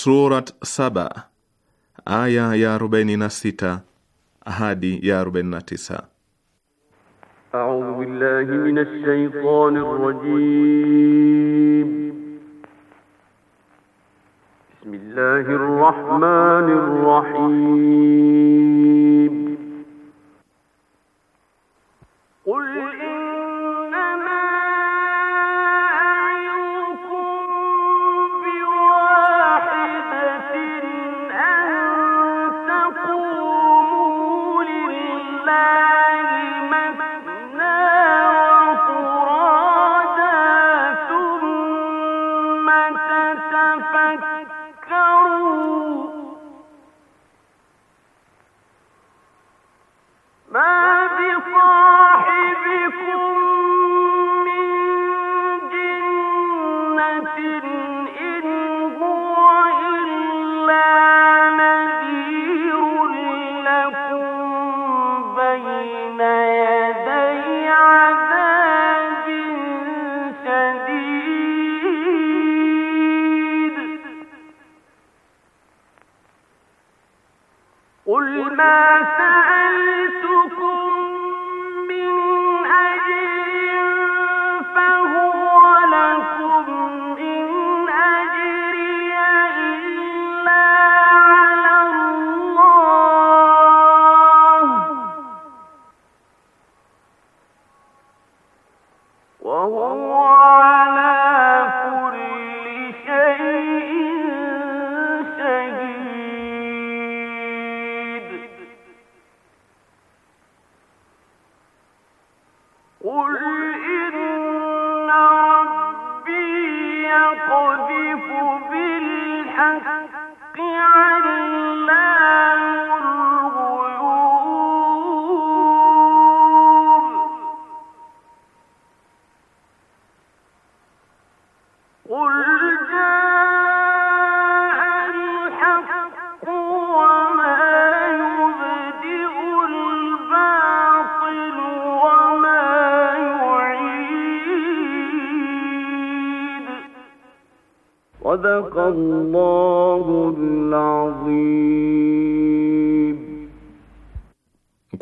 Surat saba aya ya arobaini na sita hadi ya arobaini na tisa. A'udhu billahi minash Bismillahir rahmanir rahim. Qul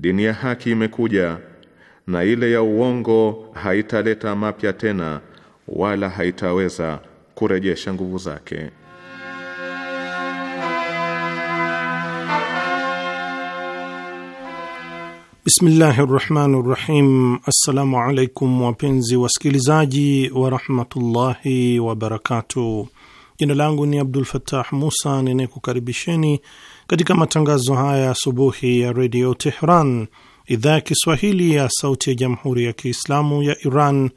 Dini ya haki imekuja na ile ya uongo haitaleta mapya tena wala haitaweza kurejesha nguvu zake. Bismillahi rahmani rahim. Assalamu alaikum wapenzi wasikilizaji warahmatullahi wabarakatuh. Jina langu ni Abdul Fattah Musa ninayekukaribisheni katika matangazo haya asubuhi ya redio Tehran, idhaa ya Kiswahili ya sauti ya jamhuri ya Kiislamu ya Iran,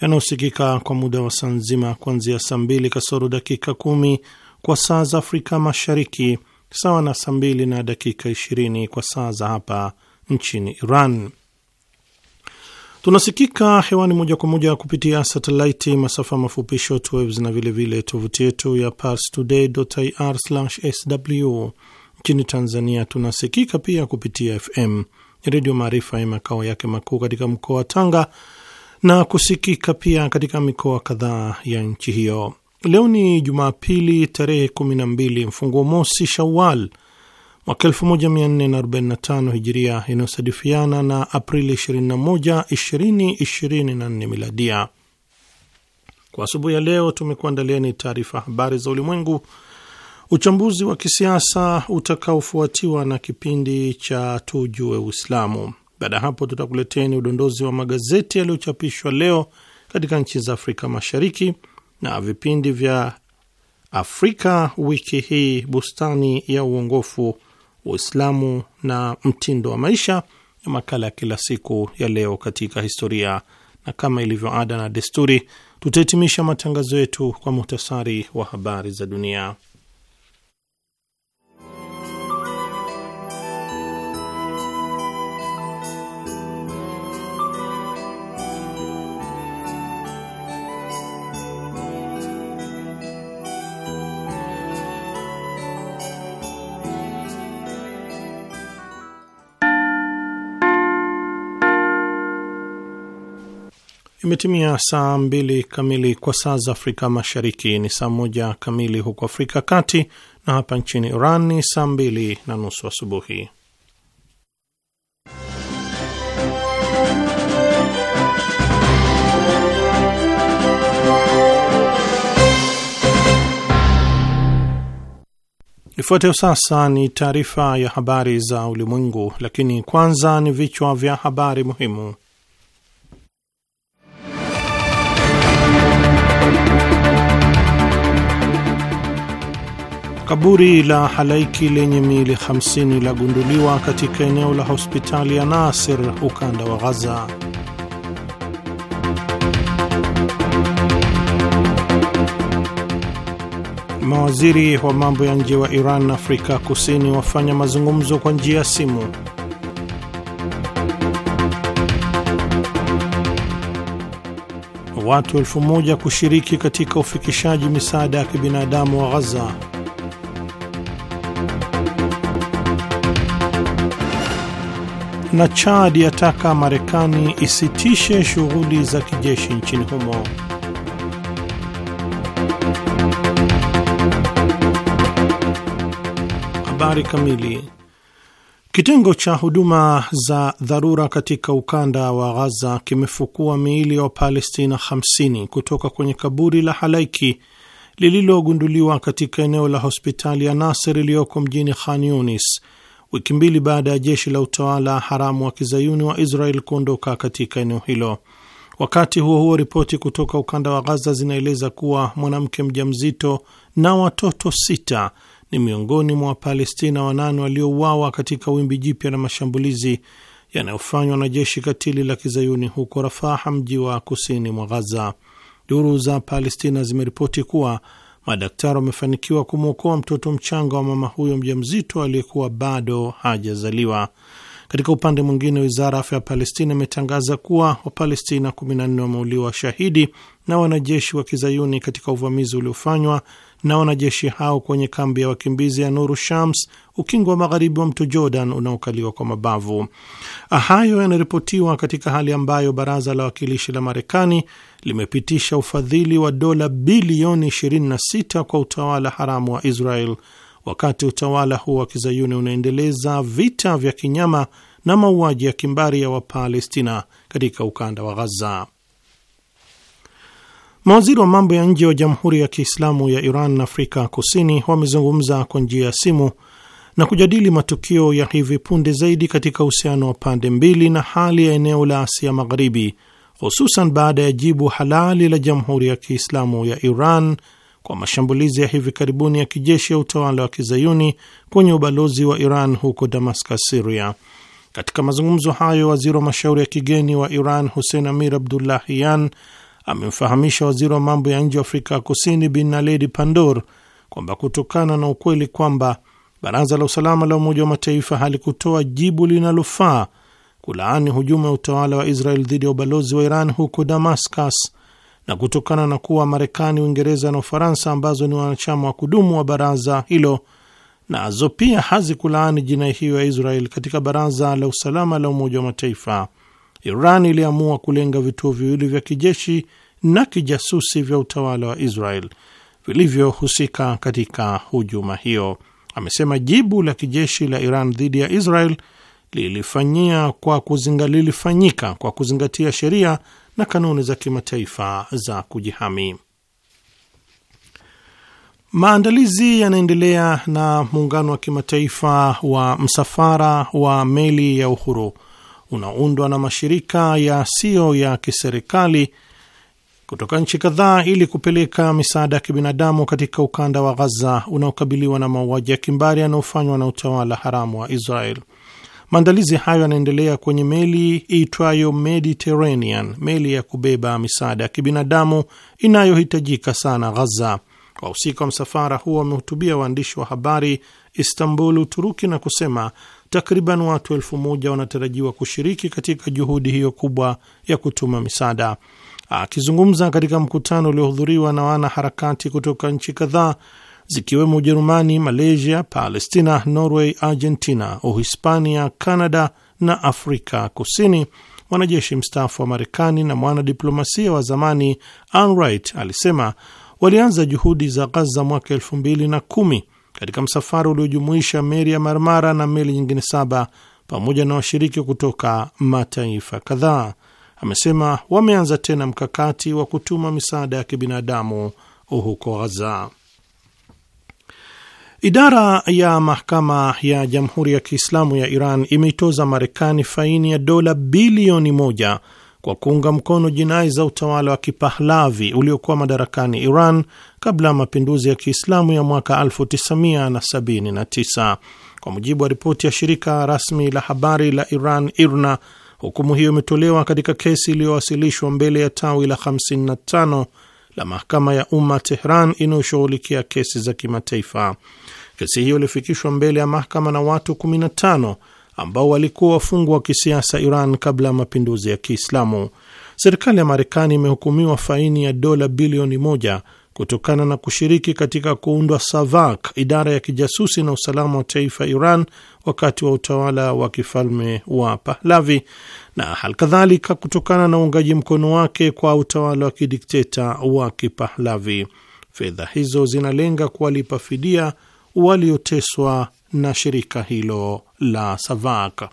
yanayosikika kwa muda wa saa nzima kuanzia saa mbili kasoro dakika kumi kwa saa za Afrika Mashariki, sawa na saa mbili na dakika ishirini kwa saa za hapa nchini Iran. Tunasikika hewani moja kwa moja kupitia satelaiti, masafa mafupi shortwaves, na vilevile tovuti yetu ya parstoday.ir/sw Nchini Tanzania tunasikika pia kupitia FM Redio Maarifa ya makao yake makuu katika mkoa wa Tanga na kusikika pia katika mikoa kadhaa ya nchi hiyo. Leo ni Jumapili tarehe 12 mfunguo mosi Shawal mwaka 1445 Hijiria, inayosadifiana na Aprili 21, 2024 Miladia. Kwa asubuhi ya leo tumekuandalia ni taarifa habari za ulimwengu Uchambuzi wa kisiasa utakaofuatiwa na kipindi cha tujue Uislamu. Baada ya hapo, tutakuleteni udondozi wa magazeti yaliyochapishwa leo katika nchi za Afrika Mashariki na vipindi vya Afrika wiki hii, bustani ya uongofu, Uislamu na mtindo wa maisha, na makala ya kila siku ya leo katika historia, na kama ilivyo ada na desturi, tutahitimisha matangazo yetu kwa muhtasari wa habari za dunia. Imetimia saa mbili kamili kwa saa za Afrika Mashariki, ni saa moja kamili huko Afrika Kati, na hapa nchini Iran ni saa mbili na nusu asubuhi. Ifuatayo sasa ni taarifa ya habari za ulimwengu, lakini kwanza ni vichwa vya habari muhimu. Kaburi la halaiki lenye miili 50 lagunduliwa katika eneo la hospitali ya Nasir, ukanda wa Ghaza. Mawaziri wa mambo ya nje wa Iran na Afrika Kusini wafanya mazungumzo kwa njia ya simu. Watu elfu moja kushiriki katika ufikishaji misaada ya kibinadamu wa Ghaza. na Chad yataka Marekani isitishe shughuli za kijeshi nchini humo. Habari kamili. Kitengo cha huduma za dharura katika ukanda wa Ghaza kimefukua miili ya Wapalestina 50 kutoka kwenye kaburi la halaiki lililogunduliwa katika eneo la hospitali ya Nasser iliyoko mjini Khan Yunis wiki mbili baada ya jeshi la utawala haramu wa kizayuni wa Israel kuondoka katika eneo hilo. Wakati huo huo, ripoti kutoka ukanda wa Ghaza zinaeleza kuwa mwanamke mjamzito na watoto sita ni miongoni mwa Wapalestina wanane waliouawa katika wimbi jipya la mashambulizi yanayofanywa na jeshi katili la kizayuni huko Rafaha, mji wa kusini mwa Ghaza. Duru za Palestina zimeripoti kuwa Madaktari wamefanikiwa kumwokoa mtoto mchanga wa mama huyo mjamzito aliyekuwa bado hajazaliwa. Katika upande mwingine, wizara ya afya ya Palestina imetangaza kuwa Wapalestina 14 wameuliwa shahidi na wanajeshi wa kizayuni katika uvamizi uliofanywa na wanajeshi hao kwenye kambi ya wakimbizi ya Nuru Shams, ukingo wa magharibi wa mto Jordan unaokaliwa kwa mabavu. Hayo yanaripotiwa katika hali ambayo baraza la wakilishi la Marekani limepitisha ufadhili wa dola bilioni 26 kwa utawala haramu wa Israel, wakati utawala huo wa kizayuni unaendeleza vita vya kinyama na mauaji ya kimbari ya Wapalestina katika ukanda wa Ghaza. Mawaziri wa mambo ya nje wa Jamhuri ya Kiislamu ya Iran na Afrika Kusini wamezungumza kwa njia ya simu na kujadili matukio ya hivi punde zaidi katika uhusiano wa pande mbili na hali ya eneo la Asia Magharibi, hususan baada ya jibu halali la Jamhuri ya Kiislamu ya Iran kwa mashambulizi ya hivi karibuni ya kijeshi ya utawala wa kizayuni kwenye ubalozi wa Iran huko Damascus, siria Katika mazungumzo hayo, waziri wa mashauri ya kigeni wa Iran Hussein Amir Abdullahian amemfahamisha waziri wa mambo ya nje wa Afrika Kusini Bin Naledi Pandor kwamba kutokana na ukweli kwamba Baraza la Usalama la Umoja wa Mataifa halikutoa jibu linalofaa kulaani hujuma ya utawala wa Israel dhidi ya ubalozi wa Iran huko Damascus, na kutokana na kuwa Marekani, Uingereza na Ufaransa ambazo ni wanachama wa kudumu wa baraza hilo nazo pia hazikulaani jinai hiyo ya Israel katika Baraza la Usalama la Umoja wa Mataifa, Iran iliamua kulenga vituo viwili vya kijeshi na kijasusi vya utawala wa Israel vilivyohusika katika hujuma hiyo. Amesema jibu la kijeshi la Iran dhidi ya Israel lilifanyia kwa kuzinga, lilifanyika kwa kuzingatia sheria na kanuni za kimataifa za kujihami. Maandalizi yanaendelea na muungano wa kimataifa wa msafara wa meli ya uhuru unaundwa na mashirika yasiyo ya, ya kiserikali kutoka nchi kadhaa ili kupeleka misaada ya kibinadamu katika ukanda wa Ghaza unaokabiliwa na mauaji ya kimbari yanayofanywa na utawala haramu wa Israel. Maandalizi hayo yanaendelea kwenye meli iitwayo Mediterranean, meli ya kubeba misaada ya kibinadamu inayohitajika sana Ghaza. Wahusika wa msafara huo wamehutubia waandishi wa habari Istanbul, Uturuki, na kusema Takriban watu elfu moja wanatarajiwa kushiriki katika juhudi hiyo kubwa ya kutuma misaada. Akizungumza katika mkutano uliohudhuriwa na wanaharakati kutoka nchi kadhaa zikiwemo Ujerumani, Malaysia, Palestina, Norway, Argentina, Uhispania, Canada na Afrika Kusini, mwanajeshi mstaafu wa Marekani na mwanadiplomasia wa zamani Ann Wright alisema walianza juhudi za Gaza mwaka elfu mbili na kumi katika msafara uliojumuisha meli ya Marmara na meli nyingine saba pamoja na washiriki kutoka mataifa kadhaa. Amesema wameanza tena mkakati wa kutuma misaada ya kibinadamu huko Ghaza. Idara ya mahakama ya Jamhuri ya Kiislamu ya Iran imeitoza Marekani faini ya dola bilioni moja kwa kuunga mkono jinai za utawala wa Kipahlavi uliokuwa madarakani Iran kabla ya mapinduzi ya Kiislamu ya mwaka 1979. Kwa mujibu wa ripoti ya shirika rasmi la habari la Iran IRNA, hukumu hiyo imetolewa katika kesi iliyowasilishwa mbele ya tawi la 55 la mahakama ya umma Tehran inayoshughulikia kesi za kimataifa. Kesi hiyo ilifikishwa mbele ya mahakama na watu 15 ambao walikuwa wafungwa wa kisiasa Iran kabla ya mapinduzi ya Kiislamu. Serikali ya Marekani imehukumiwa faini ya dola bilioni moja kutokana na kushiriki katika kuundwa SAVAK, idara ya kijasusi na usalama wa taifa Iran, wakati wa utawala wa kifalme wa Pahlavi, na kadhalika kutokana na uungaji mkono wake kwa utawala wa kidikteta wa Kipahlavi. Fedha hizo zinalenga kuwalipa fidia walioteswa na shirika hilo la SAVAK.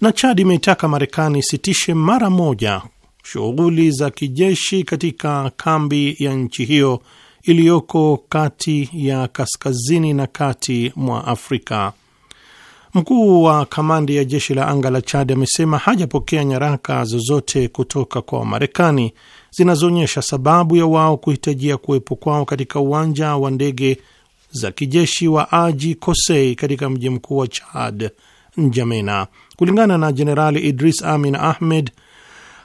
Na Chad imeitaka Marekani isitishe mara moja shughuli za kijeshi katika kambi ya nchi hiyo iliyoko kati ya kaskazini na kati mwa Afrika. Mkuu wa kamandi ya jeshi la anga la Chad amesema hajapokea nyaraka zozote kutoka kwa Wamarekani zinazoonyesha sababu ya wao kuhitajia kuwepo kwao katika uwanja wa ndege za kijeshi wa Aji Kosei katika mji mkuu wa Chad, Njamena. Kulingana na Jenerali Idris Amin Ahmed,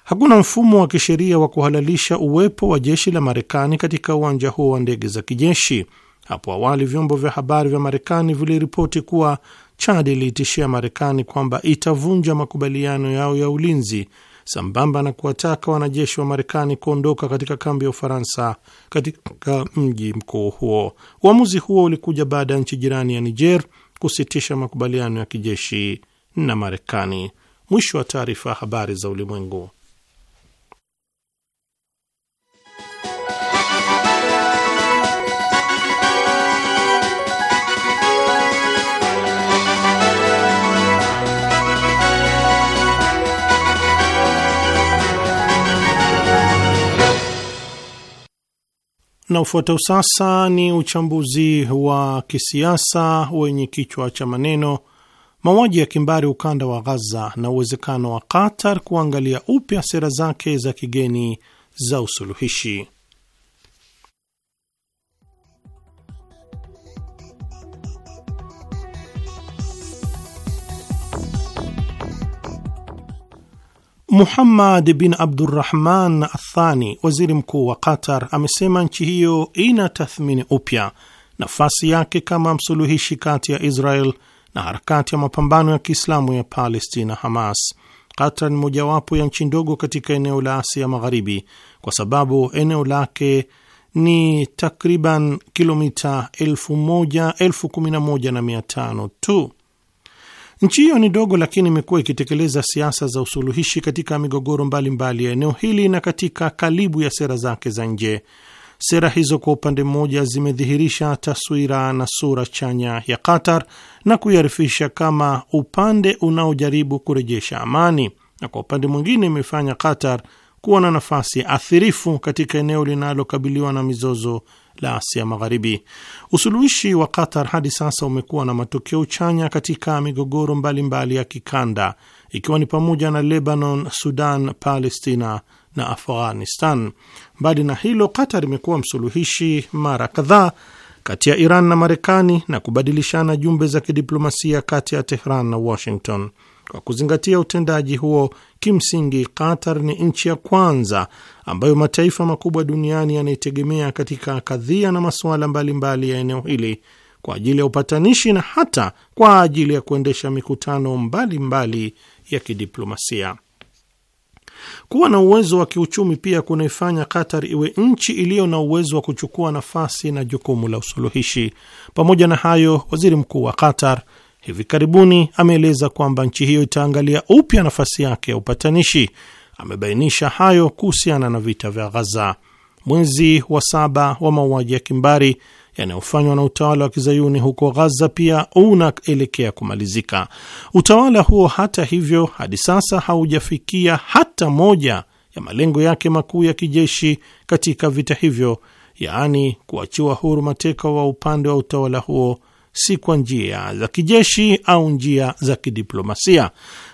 hakuna mfumo wa kisheria wa kuhalalisha uwepo wa jeshi la Marekani katika uwanja huo wa ndege za kijeshi. Hapo awali vyombo vya habari vya Marekani viliripoti kuwa Chad iliitishia Marekani kwamba itavunja makubaliano yao ya ulinzi sambamba na kuwataka wanajeshi wa Marekani kuondoka katika kambi ya Ufaransa katika mji mkuu huo. Uamuzi huo ulikuja baada ya nchi jirani ya Niger kusitisha makubaliano ya kijeshi na Marekani. Mwisho wa taarifa. Habari za Ulimwengu. Na ufuatao sasa ni uchambuzi wa kisiasa wenye kichwa cha maneno mauaji ya kimbari ukanda wa Ghaza na uwezekano wa Qatar kuangalia upya sera zake za kigeni za usuluhishi. Muhammad bin Abdurrahman Athani, waziri mkuu wa Qatar, amesema nchi hiyo ina tathmini upya nafasi yake kama msuluhishi kati ya Israel na harakati ya mapambano ya Kiislamu ya Palestina, Hamas. Qatar ni mojawapo ya nchi ndogo katika eneo la Asia Magharibi kwa sababu eneo lake ni takriban kilomita elfu moja elfu kumi na moja na mia tano tu. Nchi hiyo ni dogo, lakini imekuwa ikitekeleza siasa za usuluhishi katika migogoro mbalimbali ya eneo hili na katika kalibu ya sera zake za nje. Sera hizo kwa upande mmoja zimedhihirisha taswira na sura chanya ya Qatar na kuiarifisha kama upande unaojaribu kurejesha amani, na kwa upande mwingine imefanya Qatar kuwa na nafasi athirifu katika eneo linalokabiliwa na mizozo la Asia Magharibi. Usuluhishi wa Qatar hadi sasa umekuwa na matokeo chanya katika migogoro mbalimbali mbali ya kikanda, ikiwa ni pamoja na Lebanon, Sudan, Palestina na Afghanistan. Mbali na hilo, Qatar imekuwa msuluhishi mara kadhaa kati ya Iran na Marekani na kubadilishana jumbe za kidiplomasia kati ya Tehran na Washington. Kwa kuzingatia utendaji huo, kimsingi Qatar ni nchi ya kwanza ambayo mataifa makubwa duniani yanaitegemea katika kadhia na masuala mbalimbali ya eneo hili kwa ajili ya upatanishi na hata kwa ajili ya kuendesha mikutano mbalimbali mbali ya kidiplomasia. Kuwa na uwezo wa kiuchumi pia kunaifanya Qatar iwe nchi iliyo na uwezo wa kuchukua nafasi na jukumu la usuluhishi. Pamoja na hayo, waziri mkuu wa Qatar hivi karibuni ameeleza kwamba nchi hiyo itaangalia upya nafasi yake ya upatanishi. Amebainisha hayo kuhusiana na vita vya Ghaza. Mwezi wa saba wa mauaji ya kimbari yanayofanywa na utawala wa kizayuni huko Ghaza pia unaelekea kumalizika. Utawala huo hata hivyo, hadi sasa haujafikia hata moja ya malengo yake makuu ya kijeshi katika vita hivyo, yaani kuachiwa huru mateka wa upande wa utawala huo si kwa njia za kijeshi au njia za kidiplomasia.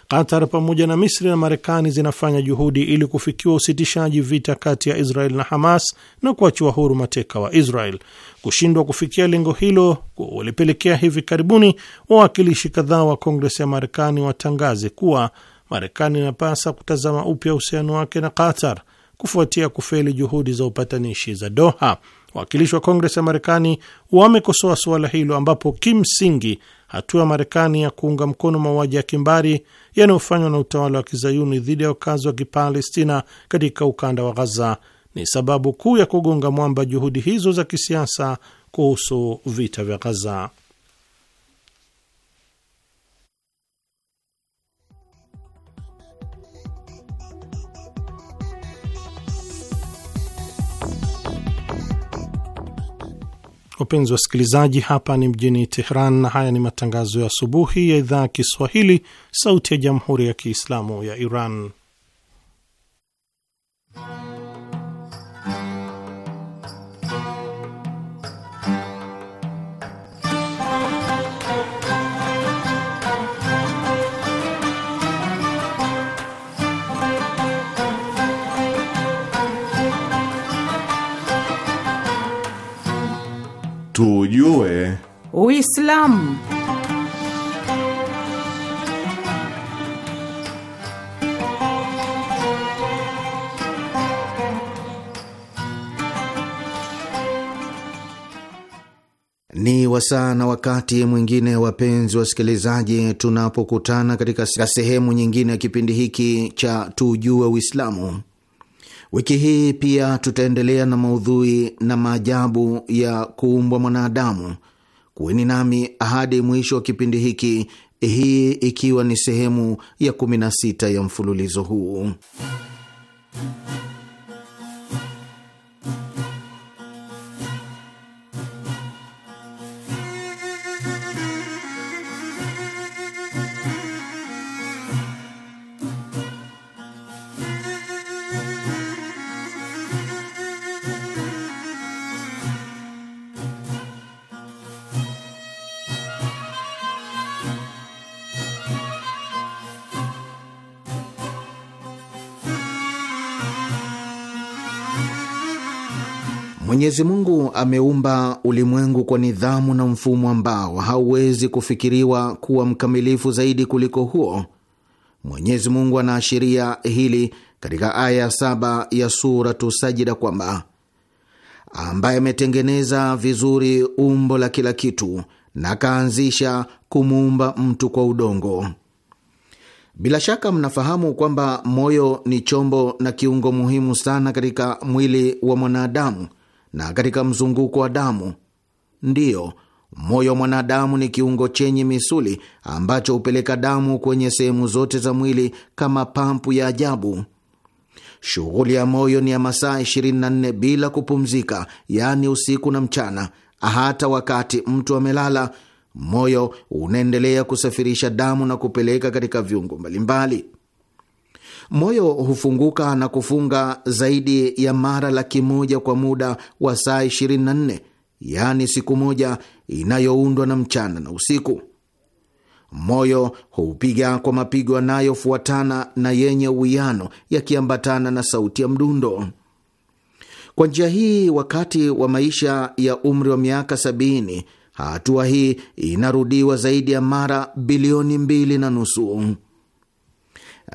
Qatar pamoja na Misri na Marekani zinafanya juhudi ili kufikiwa usitishaji vita kati ya Israel na Hamas na kuachiwa huru mateka wa Israel. Kushindwa kufikia lengo hilo walipelekea hivi karibuni wawakilishi kadhaa wa Kongres ya Marekani watangaze kuwa Marekani inapasa kutazama upya uhusiano wake na Qatar kufuatia kufeli juhudi za upatanishi za Doha. Wawakilishi wa Kongres ya Marekani wamekosoa suala hilo, ambapo kimsingi hatua ya Marekani ya kuunga mkono mauaji ya kimbari yanayofanywa na utawala wa kizayuni dhidi ya wakazi wa kipalestina katika ukanda wa Ghaza ni sababu kuu ya kugonga mwamba juhudi hizo za kisiasa kuhusu vita vya Ghaza. Wapenzi wasikilizaji, hapa ni mjini Tehran na haya ni matangazo ya asubuhi ya idhaa ya Kiswahili, Sauti ya Jamhuri ya Kiislamu ya Iran. tujue Uislamu. Ni wasaa na wakati mwingine, wapenzi wasikilizaji, tunapokutana katika sehemu nyingine ya kipindi hiki cha tujue Uislamu. Wiki hii pia tutaendelea na maudhui na maajabu ya kuumbwa mwanadamu. Kuweni nami hadi mwisho wa kipindi hiki, hii ikiwa ni sehemu ya 16 ya mfululizo huu. Mwenyezi Mungu ameumba ulimwengu kwa nidhamu na mfumo ambao hauwezi kufikiriwa kuwa mkamilifu zaidi kuliko huo. Mwenyezi Mungu anaashiria hili katika aya saba ya Suratu Sajida kwamba ambaye ametengeneza vizuri umbo la kila kitu na akaanzisha kumuumba mtu kwa udongo. Bila shaka mnafahamu kwamba moyo ni chombo na kiungo muhimu sana katika mwili wa mwanadamu na katika mzunguko wa damu. Ndiyo, moyo wa mwanadamu ni kiungo chenye misuli ambacho hupeleka damu kwenye sehemu zote za mwili kama pampu ya ajabu. Shughuli ya moyo ni ya masaa 24 bila kupumzika, yaani usiku na mchana. Hata wakati mtu amelala, moyo unaendelea kusafirisha damu na kupeleka katika viungo mbalimbali. Moyo hufunguka na kufunga zaidi ya mara laki moja kwa muda wa saa 24, yaani siku moja inayoundwa na mchana na usiku. Moyo huupiga kwa mapigo yanayofuatana na yenye uwiano, yakiambatana na sauti ya mdundo. Kwa njia hii, wakati wa maisha ya umri wa miaka sabini, hatua hii inarudiwa zaidi ya mara bilioni mbili na nusu.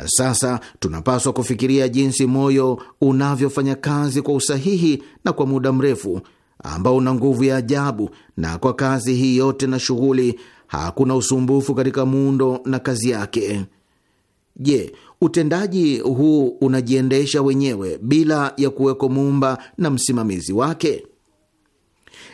Sasa tunapaswa kufikiria jinsi moyo unavyofanya kazi kwa usahihi na kwa muda mrefu ambao una nguvu ya ajabu, na kwa kazi hii yote na shughuli hakuna usumbufu katika muundo na kazi yake. Je, utendaji huu unajiendesha wenyewe bila ya kuweko muumba na msimamizi wake?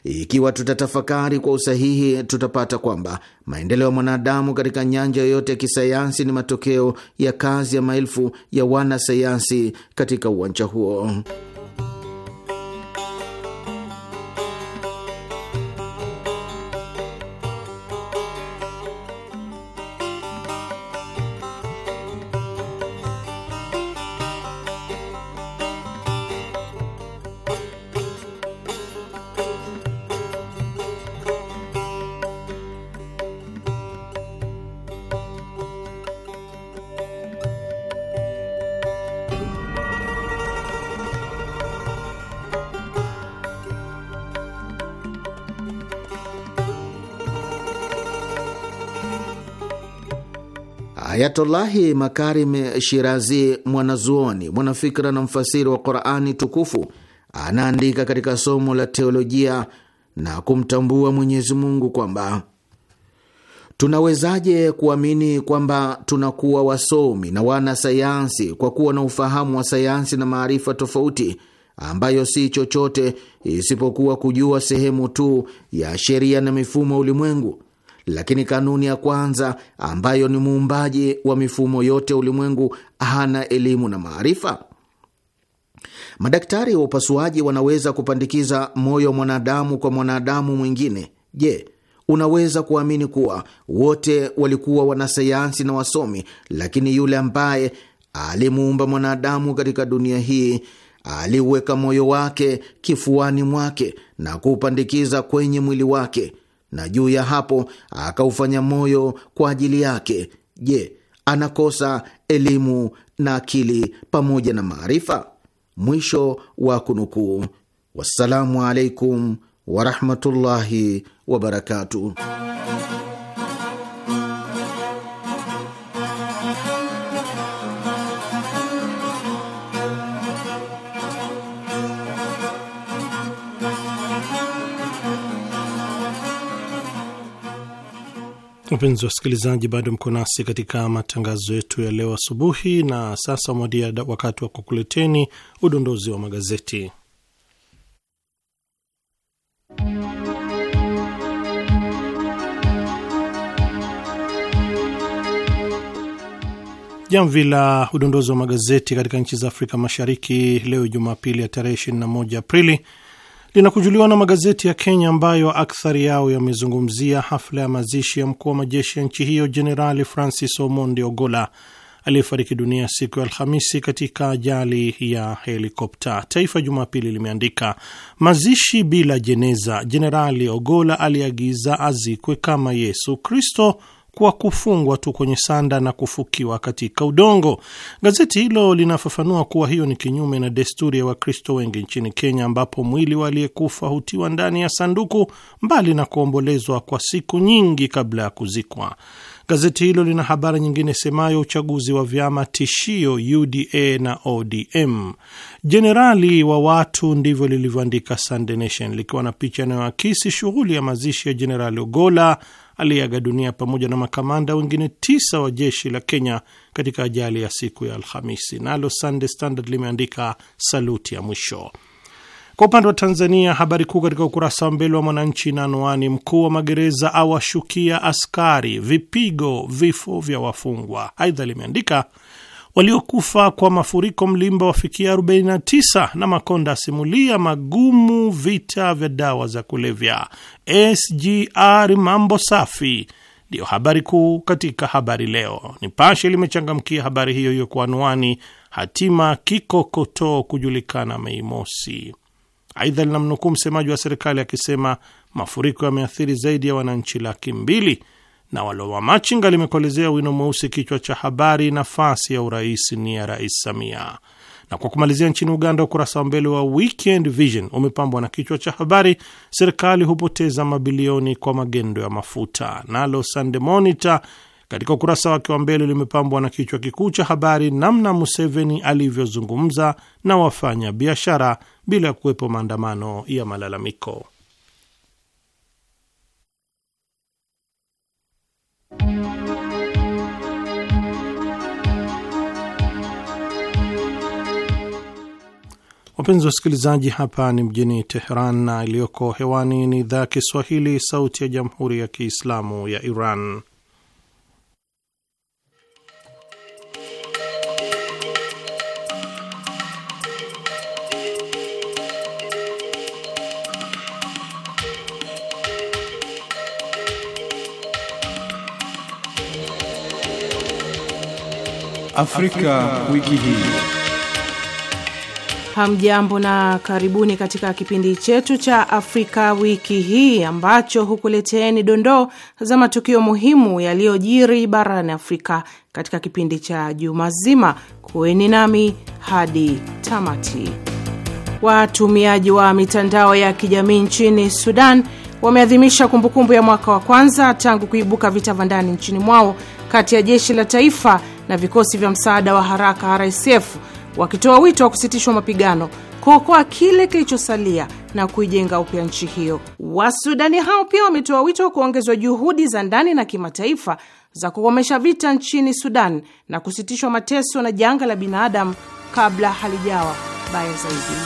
Ikiwa tutatafakari kwa usahihi, tutapata kwamba maendeleo ya mwanadamu katika nyanja yoyote ya kisayansi ni matokeo ya kazi ya maelfu ya wanasayansi katika uwanja huo. ayatullahi Makarim Shirazi, mwanazuoni, mwanafikra na mfasiri wa Qurani Tukufu, anaandika katika somo la teolojia na kumtambua Mwenyezi Mungu kwamba tunawezaje kuamini kwamba tunakuwa wasomi na wana sayansi kwa kuwa na ufahamu wa sayansi na maarifa tofauti ambayo si chochote isipokuwa kujua sehemu tu ya sheria na mifumo ya ulimwengu lakini kanuni ya kwanza ambayo ni muumbaji wa mifumo yote ulimwengu hana elimu na maarifa? Madaktari wa upasuaji wanaweza kupandikiza moyo mwanadamu kwa mwanadamu mwingine. Je, unaweza kuamini kuwa wote walikuwa wanasayansi na wasomi, lakini yule ambaye alimuumba mwanadamu katika dunia hii aliuweka moyo wake kifuani mwake na kuupandikiza kwenye mwili wake na juu ya hapo akaufanya moyo kwa ajili yake, je, anakosa elimu na akili pamoja na maarifa? Mwisho wa kunukuu. Wassalamu alaikum warahmatullahi wabarakatuh. Wapenzi wasikilizaji, bado mko nasi katika matangazo yetu ya leo asubuhi, na sasa umewadia wakati wa kukuleteni udondozi wa magazeti. Jamvi la udondozi wa magazeti katika nchi za Afrika Mashariki leo Jumapili ya tarehe 21 Aprili linakujuliwa na magazeti ya Kenya ambayo akthari yao yamezungumzia hafla ya mazishi ya mkuu wa majeshi ya nchi hiyo Jenerali Francis Omondi Ogola aliyefariki dunia siku ya Alhamisi katika ajali ya helikopta. Taifa Jumapili limeandika mazishi bila jeneza, Jenerali Ogola aliagiza azikwe kama Yesu Kristo kwa kufungwa tu kwenye sanda na kufukiwa katika udongo. Gazeti hilo linafafanua kuwa hiyo ni kinyume na desturi ya Wakristo wengi nchini Kenya, ambapo mwili wa aliyekufa hutiwa ndani ya sanduku, mbali na kuombolezwa kwa siku nyingi kabla ya kuzikwa. Gazeti hilo lina habari nyingine semayo uchaguzi wa vyama tishio UDA na ODM, jenerali wa watu, ndivyo lilivyoandika Sunday Nation likiwa na picha inayoakisi shughuli ya mazishi ya Jenerali Ogola aliyeaga dunia pamoja na makamanda wengine tisa wa jeshi la Kenya katika ajali ya siku ya Alhamisi. Nalo Sunday Standard limeandika saluti ya mwisho. Kwa upande wa Tanzania, habari kuu katika ukurasa wa mbele wa Mwananchi na anwani, mkuu wa magereza awashukia askari vipigo, vifo vya wafungwa. Aidha limeandika Waliokufa kwa mafuriko Mlimba wafikia 49 na Makonda asimulia magumu vita vya dawa za kulevya. SGR mambo safi ndiyo habari kuu katika habari leo. Nipashe limechangamkia habari hiyo hiyo kwa anwani hatima kikokotoo kujulikana Mei Mosi. Aidha linamnukuu msemaji wa serikali akisema mafuriko yameathiri zaidi ya wananchi laki mbili na wa Machinga limekolezea wino mweusi kichwa cha habari, nafasi ya urais ni ya Rais Samia. Na kwa kumalizia, nchini Uganda, ukurasa wa mbele wa Weekend Vision umepambwa na kichwa cha habari, serikali hupoteza mabilioni kwa magendo ya mafuta. Nalo Sunday Monitor katika ukurasa wake wa mbele limepambwa na kichwa kikuu cha habari, namna Museveni alivyozungumza na wafanya biashara bila ya kuwepo maandamano ya malalamiko. Wapenzi wasikilizaji, hapa ni mjini Teheran na iliyoko hewani ni idhaa Kiswahili sauti ya jamhuri ya Kiislamu ya Iran. Afrika, Afrika wiki hii. Hamjambo na karibuni katika kipindi chetu cha Afrika wiki hii ambacho hukuleteeni dondoo za matukio muhimu yaliyojiri barani Afrika katika kipindi cha juma zima. Kuweni nami hadi tamati. Watumiaji wa mitandao ya kijamii nchini Sudan wameadhimisha kumbukumbu ya mwaka wa kwanza tangu kuibuka vita vya ndani nchini mwao kati ya jeshi la taifa na vikosi vya msaada wa haraka RSF wakitoa wito wa kusitishwa mapigano, kuokoa kile kilichosalia na kuijenga upya nchi hiyo. Wasudani hao pia wametoa wito wa kuongezwa juhudi za ndani na kimataifa za kukomesha vita nchini Sudan na kusitishwa mateso na janga la binadamu kabla halijawa baya zaidi.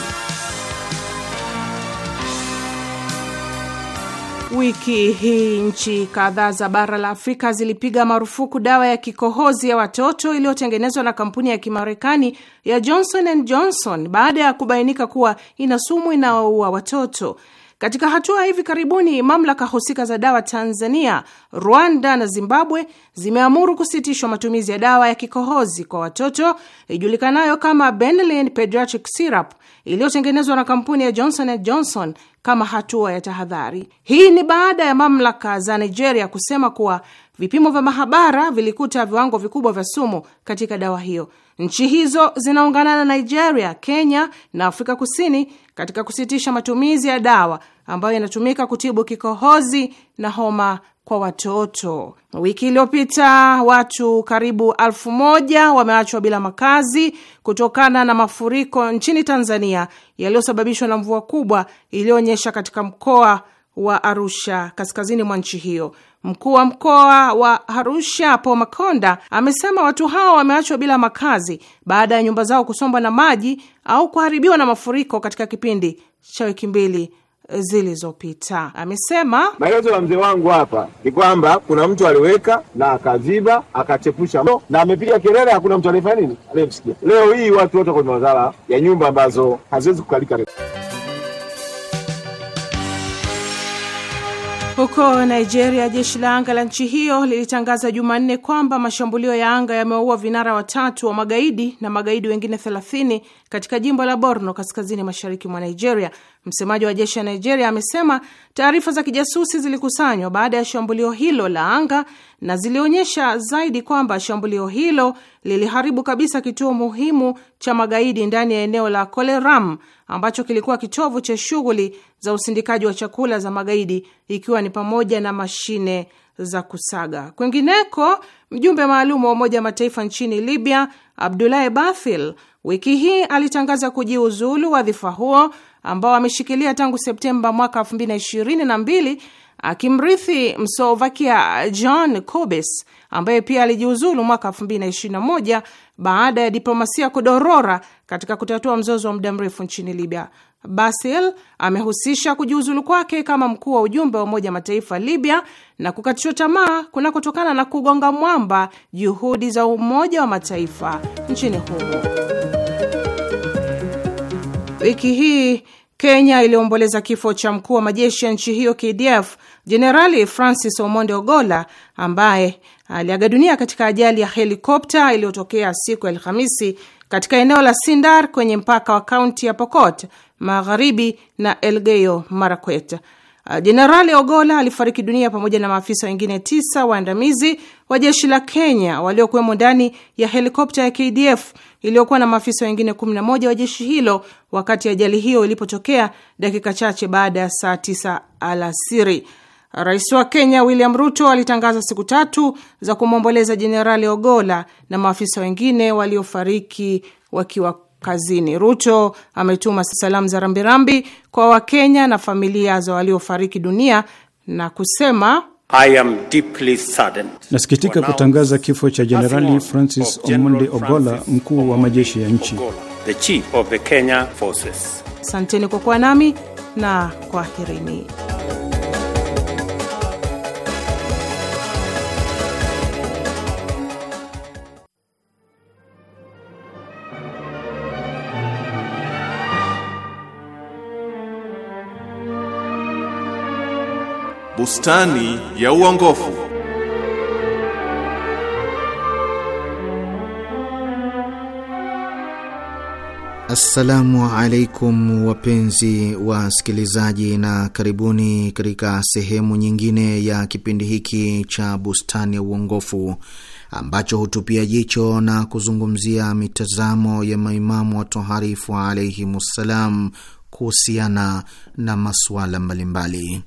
Wiki hii nchi kadhaa za bara la Afrika zilipiga marufuku dawa ya kikohozi ya watoto iliyotengenezwa na kampuni ya Kimarekani ya Johnson and Johnson baada ya kubainika kuwa ina sumu inayoua watoto. Katika hatua hivi karibuni, mamlaka husika za dawa Tanzania, Rwanda na Zimbabwe zimeamuru kusitishwa matumizi ya dawa ya kikohozi kwa watoto ijulikanayo kama Benylin pediatric syrup iliyotengenezwa na kampuni ya Johnson and Johnson kama hatua ya tahadhari. Hii ni baada ya mamlaka za Nigeria kusema kuwa vipimo vya mahabara vilikuta viwango vikubwa vya sumu katika dawa hiyo. Nchi hizo zinaungana na Nigeria, Kenya na Afrika Kusini katika kusitisha matumizi ya dawa ambayo inatumika kutibu kikohozi na homa kwa watoto. Wiki iliyopita watu karibu elfu moja wameachwa bila makazi kutokana na mafuriko nchini Tanzania yaliyosababishwa na mvua kubwa iliyoonyesha katika mkoa wa Arusha kaskazini mwa nchi hiyo. Mkuu wa mkoa wa Arusha Paul Makonda amesema watu hao wameachwa bila makazi baada ya nyumba zao kusombwa na maji au kuharibiwa na mafuriko katika kipindi cha wiki mbili zilizopita. Amesema maelezo ya mzee wangu hapa ni kwamba kuna mtu aliweka na akaziba akachepusha na amepiga kelele, hakuna mtu alifanya nini, aliyemsikia. Leo hii watu wote kwenye madhara ya nyumba ambazo haziwezi kukalika. Huko Nigeria, jeshi la anga la nchi hiyo lilitangaza Jumanne kwamba mashambulio ya anga yamewaua vinara watatu wa magaidi na magaidi wengine 30 katika jimbo la Borno, kaskazini mashariki mwa Nigeria. Msemaji wa jeshi ya Nigeria amesema taarifa za kijasusi zilikusanywa baada ya shambulio hilo la anga na zilionyesha zaidi kwamba shambulio hilo liliharibu kabisa kituo muhimu cha magaidi ndani ya eneo la Koleram ambacho kilikuwa kitovu cha shughuli za usindikaji wa chakula za magaidi ikiwa ni pamoja na mashine za kusaga. Kwingineko, mjumbe maalum wa Umoja wa Mataifa nchini Libya Abdulahi Bathil wiki hii alitangaza kujiuzulu wadhifa huo ambao ameshikilia tangu Septemba mwaka 2022 akimrithi msovakia John Kobes ambaye pia alijiuzulu mwaka 2021 baada ya diplomasia kudorora katika kutatua mzozo wa muda mrefu nchini Libya. Basil amehusisha kujiuzulu kwake kama mkuu wa ujumbe wa Umoja Mataifa Libya na kukatishwa tamaa kunakotokana na kugonga mwamba juhudi za Umoja wa Mataifa nchini humo. Wiki hii Kenya iliomboleza kifo cha mkuu wa majeshi ya nchi hiyo KDF Jenerali Francis omonde Ogola ambaye aliaga dunia katika ajali ya helikopta iliyotokea siku ya Alhamisi katika eneo la Sindar kwenye mpaka wa kaunti ya Pokot Magharibi na Elgeyo Marakwet. Uh, Jenerali Ogola alifariki dunia pamoja na maafisa wengine tisa waandamizi wa jeshi la Kenya waliokuwemo ndani ya helikopta ya KDF iliyokuwa na maafisa wengine 11 wa jeshi hilo wakati ajali hiyo ilipotokea dakika chache baada ya saa tisa alasiri. Rais wa Kenya William Ruto alitangaza siku tatu za kumwomboleza Jenerali Ogola na maafisa wengine waliofariki wakiwa kazini. Ruto ametuma salamu za rambirambi kwa Wakenya na familia za waliofariki dunia na kusema I am deeply saddened. Nasikitika kutangaza kifo cha Jenerali Francis Omondi Ogola, mkuu wa majeshi ya nchi. Asanteni kwa kuwa nami na kwaherini. bustani ya uongofu. Assalamu alaikum wapenzi wa sikilizaji, na karibuni katika sehemu nyingine ya kipindi hiki cha bustani ya uongofu ambacho hutupia jicho na kuzungumzia mitazamo ya maimamu watoharifu alaihimussalam kuhusiana na masuala mbalimbali.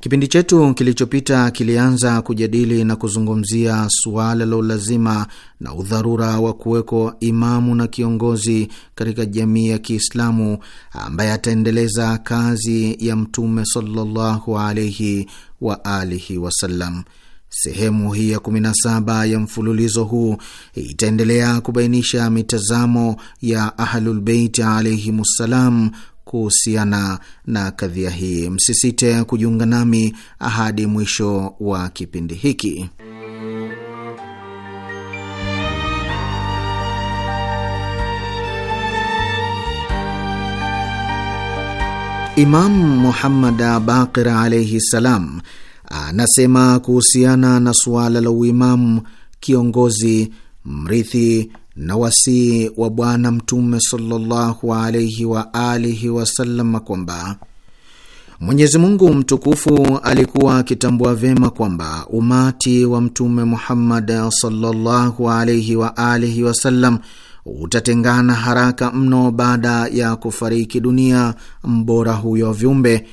Kipindi chetu kilichopita kilianza kujadili na kuzungumzia suala la ulazima na udharura wa kuwekwa imamu na kiongozi katika jamii ya Kiislamu ambaye ataendeleza kazi ya Mtume sallallahu alaihi wa alihi wasallam. Sehemu hii ya 17 ya mfululizo huu itaendelea kubainisha mitazamo ya Ahlulbeiti alaihimussalam kuhusiana na kadhia hii. Msisite kujiunga nami hadi mwisho wa kipindi hiki. Imamu Muhammad Baqir alaihi salam anasema kuhusiana na suala la uimamu, kiongozi, mrithi na wasii wa Bwana Mtume sallallahu alaihi wa alihi wasallam kwamba Mwenyezi Mungu mtukufu alikuwa akitambua vyema kwamba umati wa Mtume Muhammad sallallahu alaihi wa alihi wasallam utatengana haraka mno baada ya kufariki dunia mbora huyo wa viumbe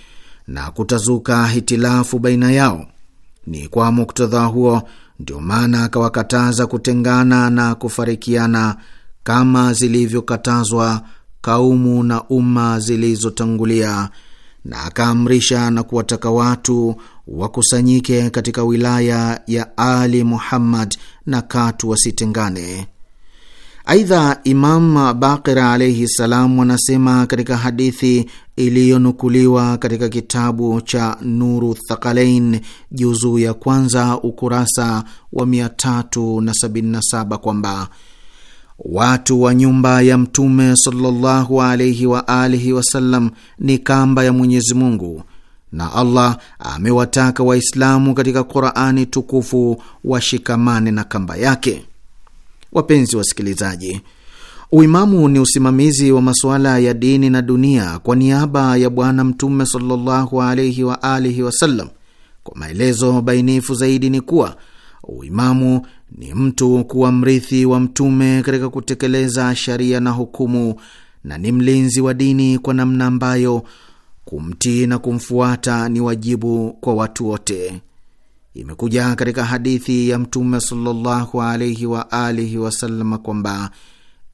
na kutazuka hitilafu baina yao. Ni kwa muktadha huo ndio maana akawakataza kutengana na kufarikiana kama zilivyokatazwa kaumu na umma zilizotangulia, na akaamrisha na kuwataka watu wakusanyike katika wilaya ya Ali Muhammad na katu wasitengane. Aidha, Imam Bakir alaihi ssalam anasema katika hadithi iliyonukuliwa katika kitabu cha Nuru thakalain juzu ya kwanza ukurasa wa 377 kwamba watu wa nyumba ya Mtume sallallahu alaihi wa alihi wasallam ni kamba ya Mwenyezi Mungu, na Allah amewataka Waislamu katika Qurani tukufu washikamane na kamba yake. Wapenzi wasikilizaji, uimamu ni usimamizi wa masuala ya dini na dunia kwa niaba ya Bwana Mtume sallallahu alaihi wa alihi wasallam. Kwa maelezo bainifu zaidi ni kuwa uimamu ni mtu kuwa mrithi wa mtume katika kutekeleza sharia na hukumu na ni mlinzi wa dini kwa namna ambayo kumtii na kumfuata ni wajibu kwa watu wote. Imekuja katika hadithi ya Mtume sallallahu alaihi wa alihi wasallam kwamba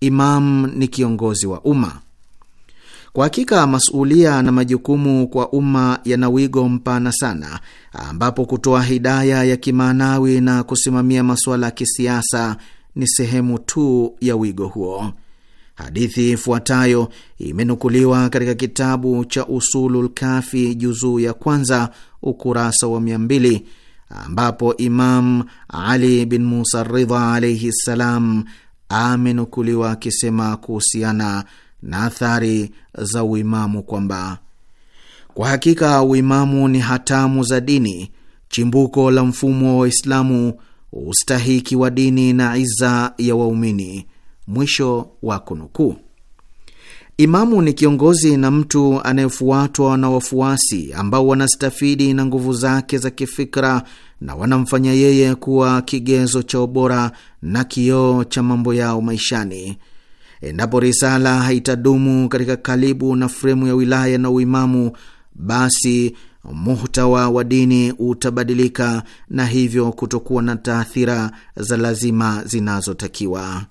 imam ni kiongozi wa umma. Kwa hakika masulia na majukumu kwa umma yana wigo mpana sana, ambapo kutoa hidaya ya kimaanawi na kusimamia masuala ya kisiasa ni sehemu tu ya wigo huo. Hadithi ifuatayo imenukuliwa katika kitabu cha Usulul Kafi juzuu ya kwanza ukurasa wa mia mbili ambapo Imam Ali bin Musa Ridha alaihi ssalam amenukuliwa akisema kuhusiana na athari za uimamu kwamba kwa hakika uimamu ni hatamu za dini, chimbuko la mfumo wa Waislamu, ustahiki wa dini na iza ya waumini. Mwisho wa kunukuu. Imamu ni kiongozi na mtu anayefuatwa na wafuasi ambao wanastafidi na nguvu zake za kifikra na wanamfanya yeye kuwa kigezo cha ubora na kioo cha mambo yao maishani. Endapo risala haitadumu katika kalibu na fremu ya wilaya na uimamu, basi muhtawa wa dini utabadilika na hivyo kutokuwa na taathira za lazima zinazotakiwa.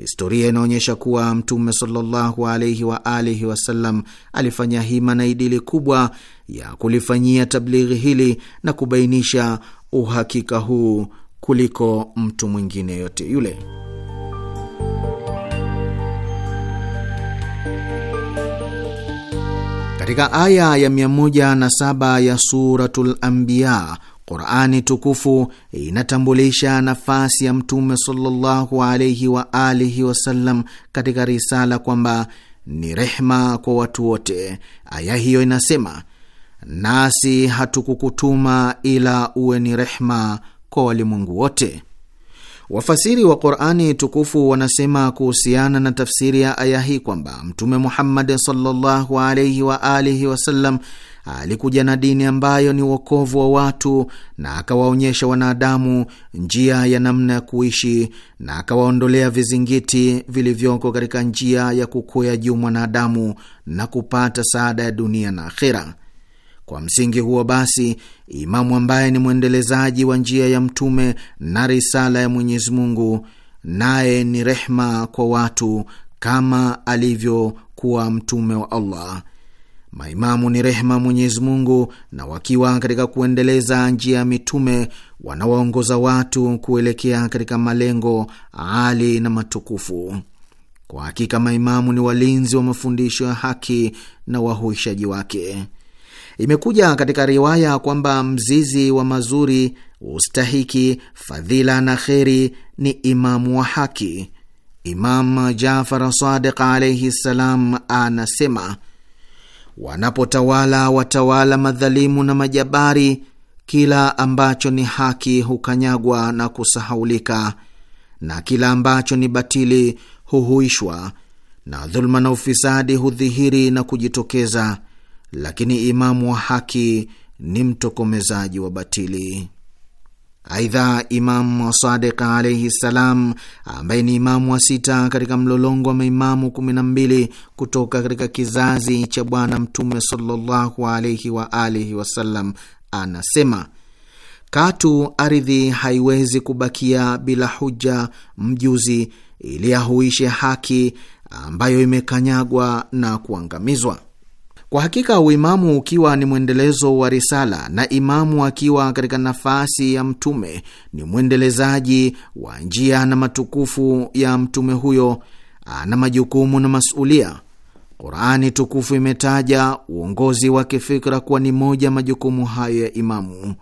Historia inaonyesha kuwa Mtume sallallahu alaihi wa alihi wasallam alifanya hima na idili kubwa ya kulifanyia tablighi hili na kubainisha uhakika huu kuliko mtu mwingine yote yule. Katika aya ya 107 ya Suratul Anbiya Qurani tukufu inatambulisha nafasi ya Mtume sallallahu alaihi wa alihi wasallam katika risala kwamba ni rehma kwa watu wote. Aya hiyo inasema, nasi hatukukutuma ila uwe ni rehma kwa walimwengu wote. Wafasiri wa Qurani tukufu wanasema kuhusiana na tafsiri ya aya hii kwamba Mtume Muhammad sallallahu alaihi wa alihi wasallam alikuja na dini ambayo ni uokovu wa watu na akawaonyesha wanadamu njia ya namna ya kuishi na akawaondolea vizingiti vilivyoko katika njia ya kukwea juu mwanadamu na kupata saada ya dunia na akhera. Kwa msingi huo basi, imamu ambaye ni mwendelezaji wa njia ya mtume na risala ya Mwenyezi Mungu, naye ni rehma kwa watu kama alivyokuwa mtume wa Allah Maimamu ni rehma Mwenyezi Mungu, na wakiwa katika kuendeleza njia ya mitume wanawaongoza watu kuelekea katika malengo ali na matukufu. Kwa hakika maimamu ni walinzi wa mafundisho ya haki na wahuishaji wake. Imekuja katika riwaya kwamba mzizi wa mazuri, ustahiki, fadhila na kheri ni imamu wa haki. Imam Jafar Sadiq alaihi ssalam anasema Wanapotawala watawala madhalimu na majabari, kila ambacho ni haki hukanyagwa na kusahaulika, na kila ambacho ni batili huhuishwa, na dhuluma na ufisadi hudhihiri na kujitokeza, lakini imamu wa haki ni mtokomezaji wa batili. Aidha, Imamu Sadiq alaihi ssalam, ambaye ni imamu wa sita katika mlolongo wa maimamu kumi na mbili kutoka katika kizazi cha Bwana Mtume sallallahu alaihi wa alihi wasallam, anasema katu ardhi haiwezi kubakia bila huja mjuzi ili ahuishe haki ambayo imekanyagwa na kuangamizwa. Kwa hakika uimamu ukiwa ni mwendelezo wa risala na imamu akiwa katika nafasi ya mtume ni mwendelezaji wa njia na matukufu ya mtume huyo, ana majukumu na masulia. Qurani tukufu imetaja uongozi wa kifikra kuwa ni moja majukumu hayo ya imamu.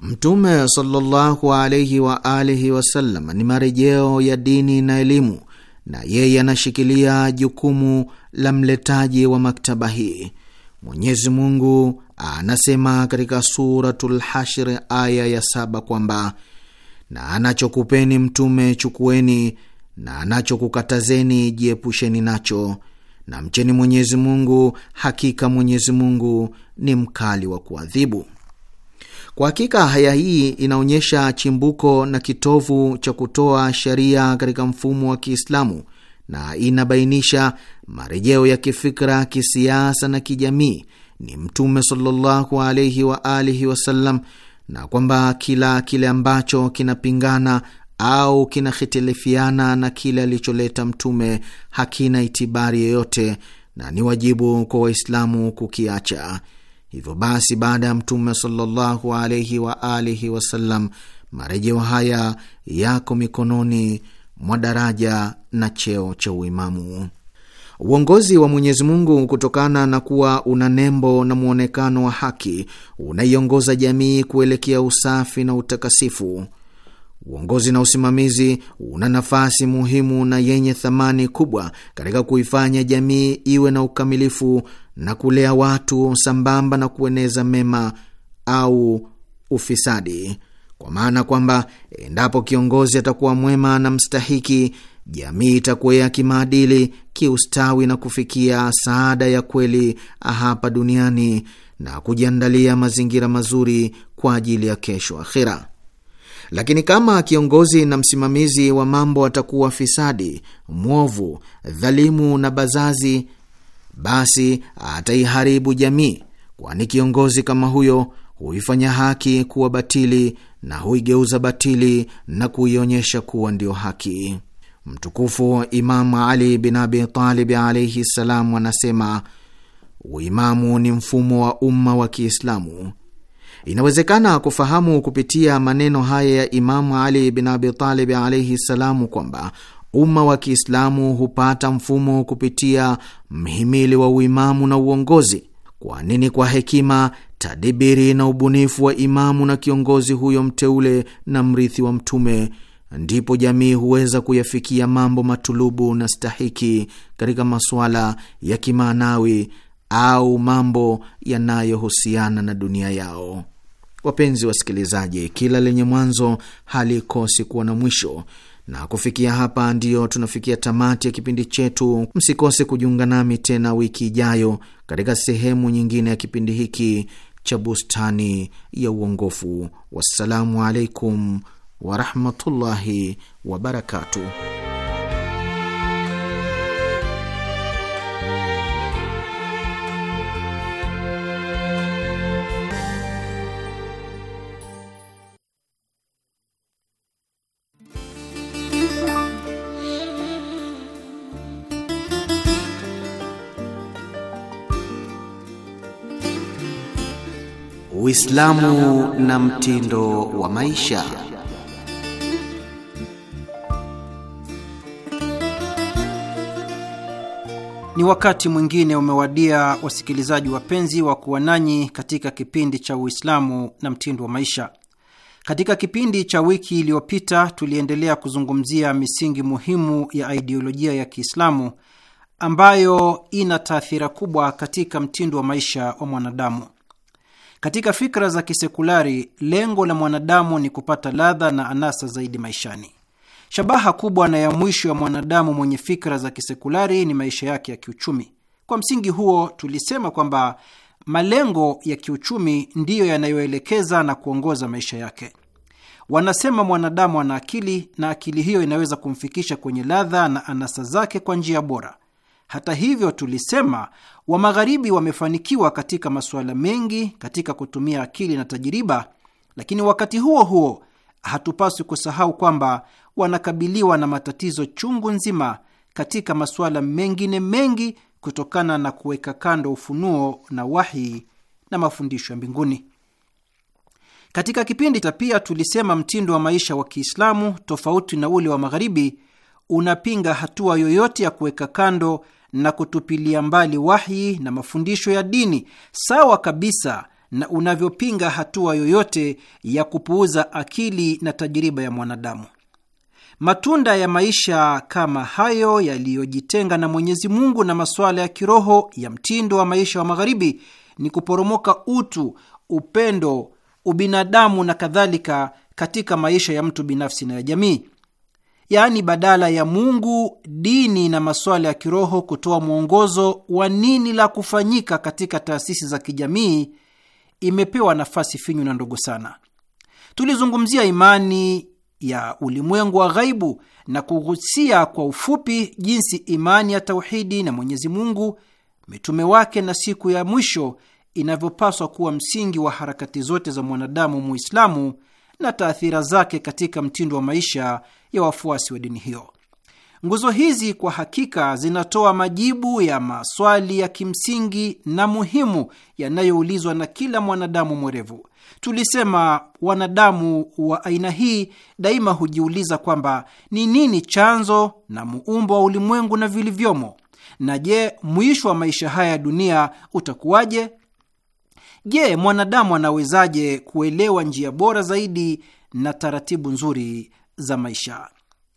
Mtume sallallahu alaihi wa alihi wasallam ni marejeo ya dini na elimu na yeye anashikilia jukumu la mletaji wa maktaba hii. Mwenyezi Mungu anasema katika Suratul Hashri aya ya saba kwamba na anachokupeni mtume chukueni, na anachokukatazeni jiepusheni nacho, na mcheni Mwenyezi Mungu, hakika Mwenyezi Mungu ni mkali wa kuadhibu. Kwa hakika haya hii inaonyesha chimbuko na kitovu cha kutoa sheria katika mfumo wa Kiislamu na inabainisha marejeo ya kifikra, kisiasa na kijamii ni Mtume sallallahu alaihi wa alihi wasallam, na kwamba kila kile ambacho kinapingana au kinahitilifiana na kile alicholeta Mtume hakina itibari yoyote na ni wajibu kwa Waislamu kukiacha. Hivyo basi, baada ya Mtume sallallahu alaihi wa alihi wasallam, marejeo haya yako mikononi mwa daraja na cheo cha uimamu. Uongozi wa Mwenyezi Mungu, kutokana na kuwa una nembo na mwonekano wa haki, unaiongoza jamii kuelekea usafi na utakasifu. Uongozi na usimamizi una nafasi muhimu na yenye thamani kubwa katika kuifanya jamii iwe na ukamilifu na kulea watu sambamba na kueneza mema au ufisadi, kwa maana kwamba endapo kiongozi atakuwa mwema na mstahiki, jamii itakuwea kimaadili, kiustawi na kufikia saada ya kweli hapa duniani na kujiandalia mazingira mazuri kwa ajili ya kesho akhira. Lakini kama kiongozi na msimamizi wa mambo atakuwa fisadi, mwovu, dhalimu na bazazi basi ataiharibu jamii, kwani kiongozi kama huyo huifanya haki kuwa batili na huigeuza batili na kuionyesha kuwa ndio haki. Mtukufu Imamu Ali bin Abi Talib alaihi ssalam anasema uimamu ni mfumo wa umma wa Kiislamu. Inawezekana kufahamu kupitia maneno haya ya Imamu Ali bin Abi Talib alaihi ssalamu kwamba umma wa Kiislamu hupata mfumo kupitia mhimili wa uimamu na uongozi. Kwa nini? Kwa hekima, tadibiri na ubunifu wa imamu na kiongozi huyo mteule na mrithi wa Mtume, ndipo jamii huweza kuyafikia mambo matulubu na stahiki katika masuala ya kimaanawi au mambo yanayohusiana na dunia yao. Wapenzi wasikilizaji, kila lenye mwanzo halikosi kuwa na mwisho. Na kufikia hapa ndiyo tunafikia tamati ya kipindi chetu. Msikose kujiunga nami tena wiki ijayo katika sehemu nyingine ya kipindi hiki cha Bustani ya Uongofu. Wassalamu alaikum warahmatullahi wabarakatuh. Uislamu na mtindo wa maisha. Ni wakati mwingine umewadia, wasikilizaji wapenzi, wa kuwa nanyi katika kipindi cha Uislamu na mtindo wa maisha. Katika kipindi cha wiki iliyopita, tuliendelea kuzungumzia misingi muhimu ya idiolojia ya Kiislamu ambayo ina taathira kubwa katika mtindo wa maisha wa mwanadamu. Katika fikra za kisekulari, lengo la mwanadamu ni kupata ladha na anasa zaidi maishani. Shabaha kubwa na ya mwisho ya mwanadamu mwenye fikra za kisekulari ni maisha yake ya kiuchumi. Kwa msingi huo, tulisema kwamba malengo ya kiuchumi ndiyo yanayoelekeza na kuongoza maisha yake. Wanasema mwanadamu ana akili na akili hiyo inaweza kumfikisha kwenye ladha na anasa zake kwa njia bora. Hata hivyo, tulisema wa Magharibi wamefanikiwa katika masuala mengi katika kutumia akili na tajiriba, lakini wakati huo huo hatupaswi kusahau kwamba wanakabiliwa na matatizo chungu nzima katika masuala mengine mengi kutokana na kuweka kando ufunuo na wahi na mafundisho ya mbinguni. Katika kipindi cha pia tulisema mtindo wa maisha wa Kiislamu tofauti na ule wa Magharibi unapinga hatua yoyote ya kuweka kando na kutupilia mbali wahi na mafundisho ya dini sawa kabisa na unavyopinga hatua yoyote ya kupuuza akili na tajiriba ya mwanadamu. Matunda ya maisha kama hayo yaliyojitenga na Mwenyezi Mungu na masuala ya kiroho ya mtindo wa maisha wa Magharibi ni kuporomoka utu, upendo, ubinadamu na kadhalika katika maisha ya mtu binafsi na ya jamii yaani badala ya Mungu, dini na masuala ya kiroho kutoa mwongozo wa nini la kufanyika katika taasisi za kijamii, imepewa nafasi finyu na ndogo sana. Tulizungumzia imani ya ulimwengu wa ghaibu na kughusia kwa ufupi jinsi imani ya tauhidi na Mwenyezi Mungu, mitume wake na siku ya mwisho inavyopaswa kuwa msingi wa harakati zote za mwanadamu Muislamu na taathira zake katika mtindo wa maisha ya wafuasi wa dini hiyo. Nguzo hizi kwa hakika zinatoa majibu ya maswali ya kimsingi na muhimu yanayoulizwa na kila mwanadamu mwerevu. Tulisema wanadamu wa aina hii daima hujiuliza kwamba ni nini chanzo na muumbo wa ulimwengu na vilivyomo, na je, mwisho wa maisha haya ya dunia utakuwaje? Je, mwanadamu anawezaje kuelewa njia bora zaidi na taratibu nzuri za maisha?